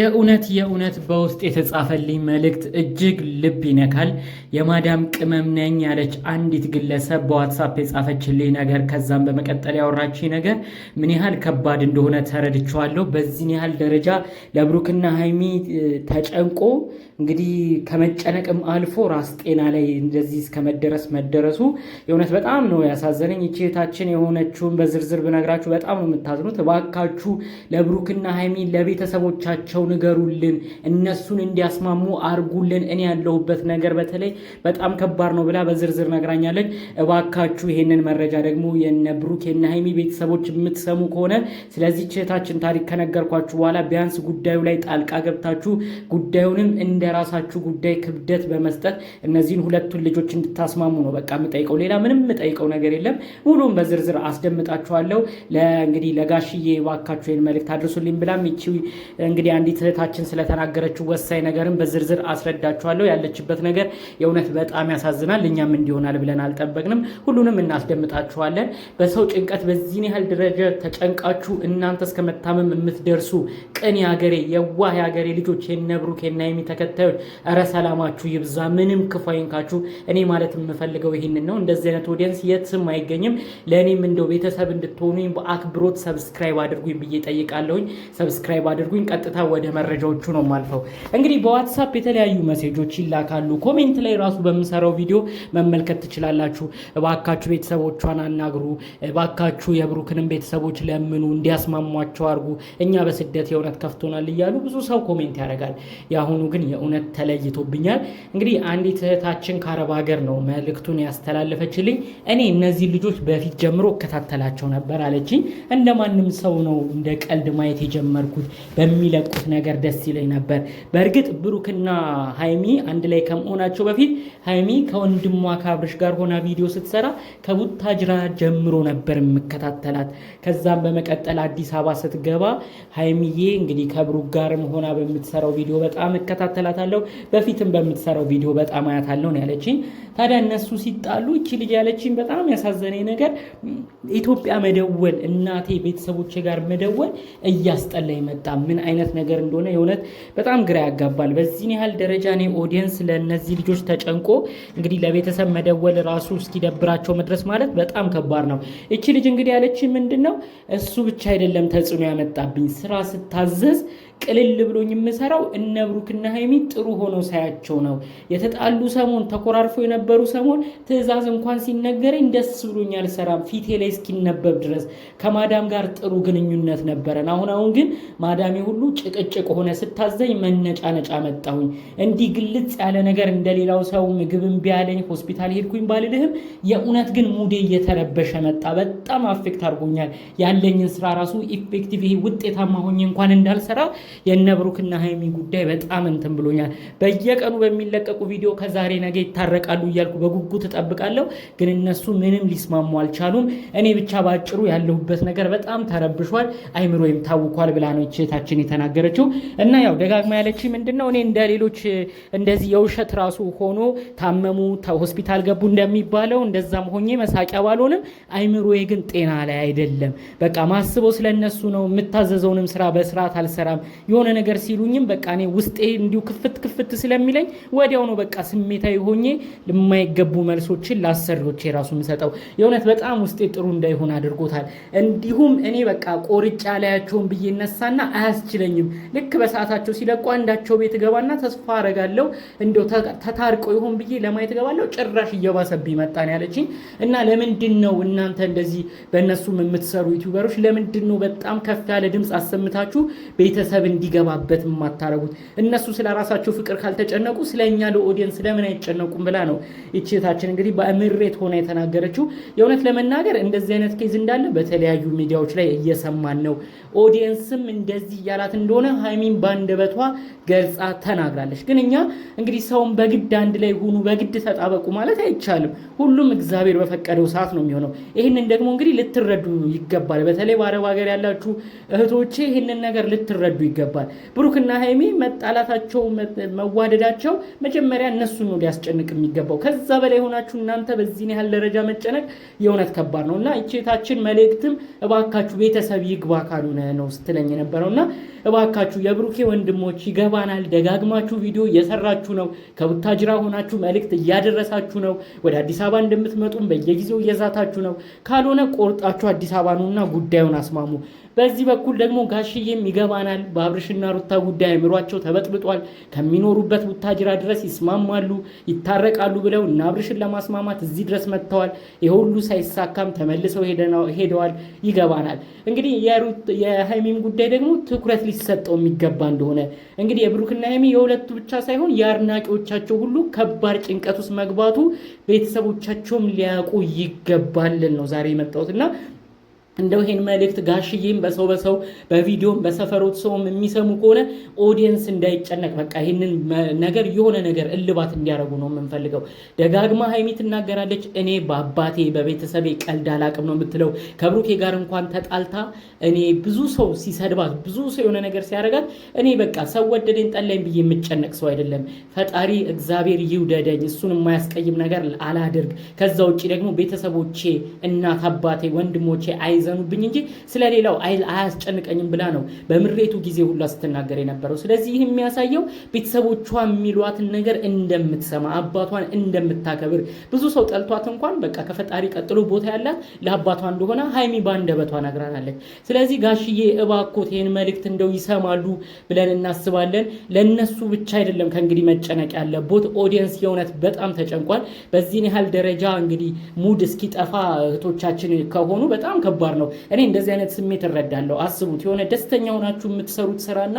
የእውነት የእውነት በውስጥ የተጻፈልኝ መልእክት እጅግ ልብ ይነካል። የማዳም ቅመም ነኝ ያለች አንዲት ግለሰብ በዋትሳፕ የጻፈችልኝ ነገር ከዛም በመቀጠል ያወራችኝ ነገር ምን ያህል ከባድ እንደሆነ ተረድቼዋለሁ። በዚህን ያህል ደረጃ ለብሩክና ሀይሚ ተጨንቆ እንግዲህ ከመጨነቅም አልፎ ራስ ጤና ላይ እንደዚህ እስከመደረስ መደረሱ የእውነት በጣም ነው ያሳዘነኝ። እህታችን የሆነችውን በዝርዝር ብነግራችሁ በጣም ነው የምታዝኑት። እባካችሁ ለብሩክና ሀይሚ ለቤተሰቦቻቸው ንገሩልን፣ እነሱን እንዲያስማሙ አርጉልን፣ እኔ ያለሁበት ነገር በተለይ በጣም ከባድ ነው ብላ በዝርዝር ነግራኛለች። እባካችሁ ይሄንን መረጃ ደግሞ የነ ብሩክ የነ ሀይሚ ቤተሰቦች የምትሰሙ ከሆነ ስለዚህ እህታችን ታሪክ ከነገርኳችሁ በኋላ ቢያንስ ጉዳዩ ላይ ጣልቃ ገብታችሁ ጉዳዩንም እንደ ራሳችሁ ጉዳይ ክብደት በመስጠት እነዚህን ሁለቱን ልጆች እንድታስማሙ ነው በቃ የምጠይቀው። ሌላ ምንም የምጠይቀው ነገር የለም። ሙሉም በዝርዝር አስደምጣችኋለሁ። እንግዲህ ለጋሽዬ እባካችሁ መልእክት አድርሱልኝ ብላም እንግዲህ አንዲት በፊት እህታችን ስለተናገረችው ወሳኝ ነገርም በዝርዝር አስረዳችኋለሁ። ያለችበት ነገር የእውነት በጣም ያሳዝናል። እኛም እንዲሆናል ብለን አልጠበቅንም። ሁሉንም እናስደምጣችኋለን። በሰው ጭንቀት በዚህን ያህል ደረጃ ተጨንቃችሁ እናንተ እስከመታመም የምትደርሱ ቅን የሀገሬ የዋህ የሀገሬ ልጆች የነብሩክ የናይሚ ተከታዮች እረ ሰላማችሁ ይብዛ፣ ምንም ክፉ አይንካችሁ። እኔ ማለት የምፈልገው ይህንን ነው። እንደዚህ አይነት ኦዲየንስ የትም አይገኝም። ለእኔም እንደው ቤተሰብ እንድትሆኑኝ በአክብሮት ሰብስክራይብ አድርጉኝ ብዬ ጠይቃለሁኝ። ሰብስክራይብ አድርጉኝ። ቀጥታ ወደ ወደ መረጃዎቹ ነው ማልፈው። እንግዲህ በዋትሳፕ የተለያዩ መሴጆች ይላካሉ። ኮሜንት ላይ ራሱ በምሰራው ቪዲዮ መመልከት ትችላላችሁ። እባካችሁ ቤተሰቦቿን አናግሩ፣ እባካችሁ የብሩክንም ቤተሰቦች ለምኑ፣ እንዲያስማሟቸው አርጉ እኛ በስደት የእውነት ከፍቶናል እያሉ ብዙ ሰው ኮሜንት ያደርጋል። የአሁኑ ግን የእውነት ተለይቶብኛል። እንግዲህ አንዲት እህታችን ከአረብ ሀገር ነው መልእክቱን ያስተላለፈችልኝ። እኔ እነዚህ ልጆች በፊት ጀምሮ እከታተላቸው ነበር አለችኝ። እንደማንም ሰው ነው እንደ ቀልድ ማየት የጀመርኩት በሚለቁት ነገር ደስ ይለኝ ነበር። በእርግጥ ብሩክና ሀይሚ አንድ ላይ ከመሆናቸው በፊት ሀይሚ ከወንድሟ ከአብርሽ ጋር ሆና ቪዲዮ ስትሰራ ከቡታጅራ ጀምሮ ነበር የምከታተላት። ከዛም በመቀጠል አዲስ አበባ ስትገባ ሀይሚዬ እንግዲህ ከብሩክ ጋርም ሆና በምትሰራው ቪዲዮ በጣም እከታተላታለሁ፣ በፊትም በምትሰራው ቪዲዮ በጣም አያታለሁ ነው ያለችኝ። ታዲያ እነሱ ሲጣሉ እቺ ልጅ ያለችኝ በጣም ያሳዘነኝ ነገር ኢትዮጵያ መደወል እናቴ ቤተሰቦቼ ጋር መደወል እያስጠላኝ መጣ። ምን አይነት ነገር እንደሆነ የእውነት በጣም ግራ ያጋባል። በዚህን ያህል ደረጃ እኔ ኦዲየንስ ለእነዚህ ልጆች ተጨንቆ እንግዲህ ለቤተሰብ መደወል ራሱ እስኪደብራቸው መድረስ ማለት በጣም ከባድ ነው። እቺ ልጅ እንግዲህ ያለች ምንድን ነው እሱ ብቻ አይደለም ተጽዕኖ ያመጣብኝ ስራ ስታዘዝ ቅልል ብሎኝ የምሰራው እነ ብሩክና ሀይሚ ጥሩ ሆኖ ሳያቸው ነው። የተጣሉ ሰሞን ተኮራርፎ የነበሩ ሰሞን ትዕዛዝ እንኳን ሲነገረኝ ደስ ብሎኝ አልሰራም ፊቴ ላይ እስኪነበብ ድረስ ከማዳም ጋር ጥሩ ግንኙነት ነበረን። አሁን አሁን ግን ማዳሜ ሁሉ ጭቅጭቅ ሆነ። ስታዘኝ መነጫ ነጫ መጣሁኝ። እንዲህ ግልጽ ያለ ነገር እንደሌላው ሰው ምግብም ቢያለኝ ሆስፒታል ሄድኩኝ ባልልህም የእውነት ግን ሙዴ እየተረበሸ መጣ። በጣም አፌክት አድርጎኛል። ያለኝን ስራ ራሱ ኢፌክቲቭ ይሄ ውጤታማ ሆኜ እንኳን እንዳልሰራ የነ ብሩክና ሀይሚ ጉዳይ በጣም እንትን ብሎኛል። በየቀኑ በሚለቀቁ ቪዲዮ ከዛሬ ነገ ይታረቃሉ እያልኩ በጉጉት እጠብቃለሁ። ግን እነሱ ምንም ሊስማሙ አልቻሉም። እኔ ብቻ ባጭሩ ያለሁበት ነገር በጣም ተረብሿል፣ አይምሮ ታውኳል ብላ ነው እህታችን የተናገረችው። እና ያው ደጋግማ ያለች ምንድን ነው እኔ እንደ ሌሎች እንደዚህ የውሸት ራሱ ሆኖ ታመሙ ሆስፒታል ገቡ እንደሚባለው እንደዛም ሆኜ መሳቂያ ባልሆንም አይምሮዬ ግን ጤና ላይ አይደለም። በቃ ማስበው ስለነሱ ነው። የምታዘዘውንም ስራ በስርዓት አልሰራም። የሆነ ነገር ሲሉኝም በቃ እኔ ውስጤ እንዲሁ ክፍት ክፍት ስለሚለኝ ወዲያው ነው በቃ ስሜታዊ ሆኜ የማይገቡ መልሶችን ለአሰሪዎች ራሱ የምሰጠው የእውነት በጣም ውስጤ ጥሩ እንዳይሆን አድርጎታል። እንዲሁም እኔ በቃ ቆርጬ አላያቸውን ብዬ እነሳና አያስችለኝም። ልክ በሰዓታቸው ሲለቁ አንዳቸው ቤት ገባና ተስፋ አረጋለሁ እንደው ተታርቆ ይሆን ብዬ ለማየት ገባለሁ። ጭራሽ እየባሰብኝ መጣን ያለችኝ። እና ለምንድን ነው እናንተ እንደዚህ በእነሱም የምትሰሩ ዩቲዩበሮች ለምንድን ነው በጣም ከፍ ያለ ድምፅ አሰምታችሁ ቤተሰብ እንዲገባበት የማታረጉት እነሱ ስለ ራሳቸው ፍቅር ካልተጨነቁ ስለ እኛ ለኦዲየንስ ለምን አይጨነቁም ብላ ነው ይችታችን እንግዲህ በምሬት ሆና የተናገረችው። የእውነት ለመናገር እንደዚህ አይነት ኬዝ እንዳለ በተለያዩ ሚዲያዎች ላይ እየሰማን ነው። ኦዲየንስም እንደዚህ እያላት እንደሆነ ሀይሚን ባንደበቷ ገልጻ ተናግራለች። ግን እኛ እንግዲህ ሰውን በግድ አንድ ላይ ሁኑ በግድ ተጣበቁ ማለት አይቻልም። ሁሉም እግዚአብሔር በፈቀደው ሰዓት ነው የሚሆነው። ይህንን ደግሞ እንግዲህ ልትረዱ ይገባል። በተለይ በአረብ ሀገር ያላችሁ እህቶቼ ይህንን ነገር ልትረዱ ይገባል። ይገባል። ብሩክና ሀይሚ መጣላታቸው መዋደዳቸው መጀመሪያ እነሱን ነው ሊያስጨንቅ የሚገባው። ከዛ በላይ የሆናችሁ እናንተ በዚህን ያህል ደረጃ መጨነቅ የእውነት ከባድ ነው እና እቼታችን መልእክትም እባካችሁ ቤተሰብ ይግባ ካልሆነ ነው ስትለኝ የነበረው እና እባካችሁ የብሩኬ ወንድሞች ይገባናል። ደጋግማችሁ ቪዲዮ እየሰራችሁ ነው። ከቡታጅራ ሆናችሁ መልእክት እያደረሳችሁ ነው። ወደ አዲስ አበባ እንደምትመጡም በየጊዜው እየዛታችሁ ነው። ካልሆነ ቆርጣችሁ አዲስ አበባ ነውና ጉዳዩን አስማሙ። በዚህ በኩል ደግሞ ጋሽዬም ይገባናል። በአብርሽና ሩታ ጉዳይ አእምሯቸው ተበጥብጧል። ከሚኖሩበት ቡታጅራ ድረስ ይስማማሉ፣ ይታረቃሉ ብለው እና አብርሽን ለማስማማት እዚህ ድረስ መጥተዋል። የሁሉ ሳይሳካም ተመልሰው ሄደዋል። ይገባናል። እንግዲህ የሀይሚም ጉዳይ ደግሞ ትኩረት ሊሰጠው የሚገባ እንደሆነ እንግዲህ የብሩክና ሀይሚ የሁለቱ ብቻ ሳይሆን የአድናቂዎቻቸው ሁሉ ከባድ ጭንቀት ውስጥ መግባቱ ቤተሰቦቻቸውም ሊያውቁ ይገባልን ነው ዛሬ የመጣሁት እና እንደው ይሄን መልእክት ጋሽዬም በሰው በሰው በቪዲዮም በሰፈሮት ሰውም የሚሰሙ ከሆነ ኦዲየንስ እንዳይጨነቅ በቃ ይህንን ነገር የሆነ ነገር እልባት እንዲያደርጉ ነው የምንፈልገው። ደጋግማ ሀይሚ ትናገራለች። እኔ በአባቴ በቤተሰቤ ቀልድ አላቅም ነው የምትለው። ከብሩኬ ጋር እንኳን ተጣልታ እኔ ብዙ ሰው ሲሰድባት፣ ብዙ ሰው የሆነ ነገር ሲያደርጋት እኔ በቃ ሰው ወደደኝ ጠላኝ ብዬ የምጨነቅ ሰው አይደለም። ፈጣሪ እግዚአብሔር ይውደደኝ፣ እሱን የማያስቀይም ነገር አላድርግ። ከዛ ውጭ ደግሞ ቤተሰቦቼ፣ እናት አባቴ፣ ወንድሞቼ አይዘ ይዘኑብኝ እንጂ ስለሌላው አያስጨንቀኝም ብላ ነው በምሬቱ ጊዜ ሁላ ስትናገር የነበረው። ስለዚህ ይህ የሚያሳየው ቤተሰቦቿ የሚሏትን ነገር እንደምትሰማ፣ አባቷን እንደምታከብር፣ ብዙ ሰው ጠልቷት እንኳን በቃ ከፈጣሪ ቀጥሎ ቦታ ያላት ለአባቷ እንደሆነ ሀይሚ ባንደበቷ ነግራናለች። ስለዚህ ጋሽዬ እባኮት ይህን መልእክት እንደው ይሰማሉ ብለን እናስባለን። ለእነሱ ብቻ አይደለም ከእንግዲህ መጨነቅ ያለቦት ኦዲየንስ የእውነት በጣም ተጨንቋል። በዚህን ያህል ደረጃ እንግዲህ ሙድ እስኪጠፋ እህቶቻችን ከሆኑ በጣም ከባድ ነው። እኔ እንደዚህ አይነት ስሜት እረዳለሁ። አስቡት የሆነ ደስተኛ ሆናችሁ የምትሰሩት ስራና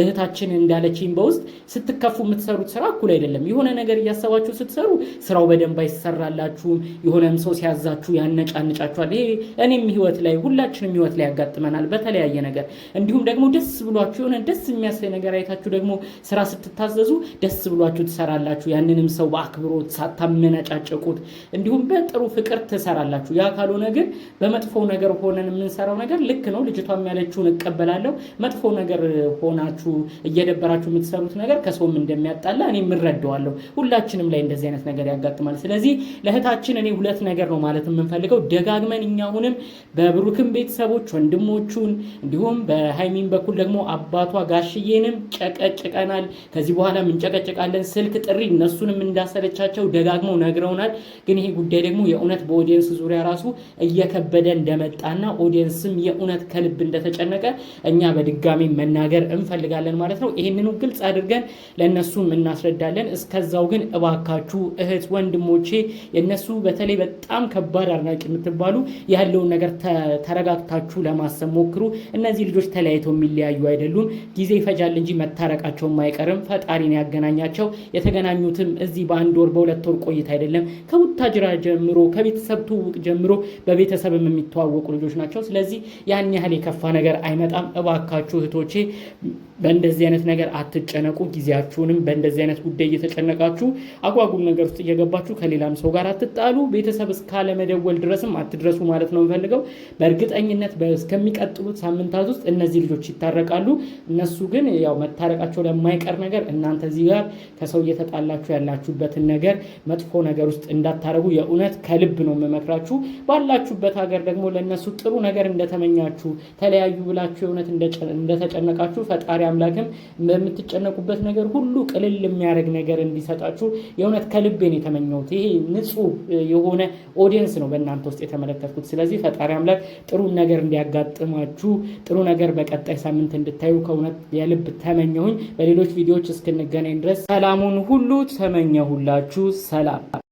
እህታችን እንዳለችኝ በውስጥ ስትከፉ የምትሰሩት ስራ እኩል አይደለም። የሆነ ነገር እያሰባችሁ ስትሰሩ ስራው በደንብ አይሰራላችሁም። የሆነም ሰው ሲያዛችሁ ያነጫንጫችኋል። ይሄ እኔም ህይወት ላይ ሁላችንም ህይወት ላይ ያጋጥመናል በተለያየ ነገር። እንዲሁም ደግሞ ደስ ብሏችሁ የሆነ ደስ የሚያሳይ ነገር አይታችሁ ደግሞ ስራ ስትታዘዙ ደስ ብሏችሁ ትሰራላችሁ። ያንንም ሰው በአክብሮት ሳታመነጫጨቁት እንዲሁም በጥሩ ፍቅር ትሰራላችሁ። ያ ካልሆነ ግን በመጥፎው ነገር ሆነን የምንሰራው ነገር ልክ ነው። ልጅቷም ያለችውን እቀበላለሁ። መጥፎ ነገር ሆናችሁ እየደበራችሁ የምትሰሩት ነገር ከሰውም እንደሚያጣላ እኔ የምረዳዋለሁ። ሁላችንም ላይ እንደዚህ አይነት ነገር ያጋጥማል። ስለዚህ ለእህታችን እኔ ሁለት ነገር ነው ማለት የምንፈልገው ደጋግመን እኛ አሁንም በብሩክም ቤተሰቦች ወንድሞቹን፣ እንዲሁም በሃይሚን በኩል ደግሞ አባቷ ጋሽዬንም ጨቀጭቀናል። ከዚህ በኋላ እንጨቀጭቃለን። ስልክ ጥሪ እነሱንም እንዳሰለቻቸው ደጋግመው ነግረውናል። ግን ይሄ ጉዳይ ደግሞ የእውነት በኦዲየንስ ዙሪያ ራሱ እየከበደ እንደመጣ እንደመጣና ኦዲየንስም የእውነት ከልብ እንደተጨነቀ እኛ በድጋሚ መናገር እንፈልጋለን ማለት ነው። ይህንኑ ግልጽ አድርገን ለእነሱም እናስረዳለን። እስከዛው ግን እባካችሁ እህት ወንድሞቼ፣ የእነሱ በተለይ በጣም ከባድ አድናቂ የምትባሉ ያለውን ነገር ተረጋግታችሁ ለማሰብ ሞክሩ። እነዚህ ልጆች ተለያይተው የሚለያዩ አይደሉም። ጊዜ ይፈጃል እንጂ መታረቃቸውም አይቀርም። ፈጣሪን ያገናኛቸው። የተገናኙትም እዚህ በአንድ ወር በሁለት ወር ቆይታ አይደለም። ከቡታጅራ ጀምሮ ከቤተሰብ ትውውቅ ጀምሮ በቤተሰብም የሚተዋወቁ ልጆች ናቸው። ስለዚህ ያን ያህል የከፋ ነገር አይመጣም። እባካችሁ እህቶቼ በእንደዚህ አይነት ነገር አትጨነቁ። ጊዜያችሁንም በእንደዚህ አይነት ጉዳይ እየተጨነቃችሁ አጓጉል ነገር ውስጥ እየገባችሁ ከሌላም ሰው ጋር አትጣሉ። ቤተሰብ እስካለመደወል ድረስም አትድረሱ ማለት ነው የምፈልገው። በእርግጠኝነት እስከሚቀጥሉት ሳምንታት ውስጥ እነዚህ ልጆች ይታረቃሉ። እነሱ ግን ያው መታረቃቸው ለማይቀር ነገር እናንተ እዚህ ጋር ከሰው እየተጣላችሁ ያላችሁበትን ነገር መጥፎ ነገር ውስጥ እንዳታረጉ የእውነት ከልብ ነው የምመክራችሁ። ባላችሁበት ሀገር ደግሞ ለእነሱ ጥሩ ነገር እንደተመኛችሁ ተለያዩ ብላችሁ የእውነት እንደተጨነቃችሁ ፈጣሪ አምላክም በምትጨነቁበት ነገር ሁሉ ቅልል የሚያደርግ ነገር እንዲሰጣችሁ የእውነት ከልቤን የተመኘሁት ይሄ ንጹህ የሆነ ኦዲየንስ ነው በእናንተ ውስጥ የተመለከትኩት። ስለዚህ ፈጣሪ አምላክ ጥሩ ነገር እንዲያጋጥማችሁ ጥሩ ነገር በቀጣይ ሳምንት እንድታዩ ከእውነት የልብ ተመኘሁኝ። በሌሎች ቪዲዮዎች እስክንገናኝ ድረስ ሰላሙን ሁሉ ተመኘሁላችሁ። ሰላም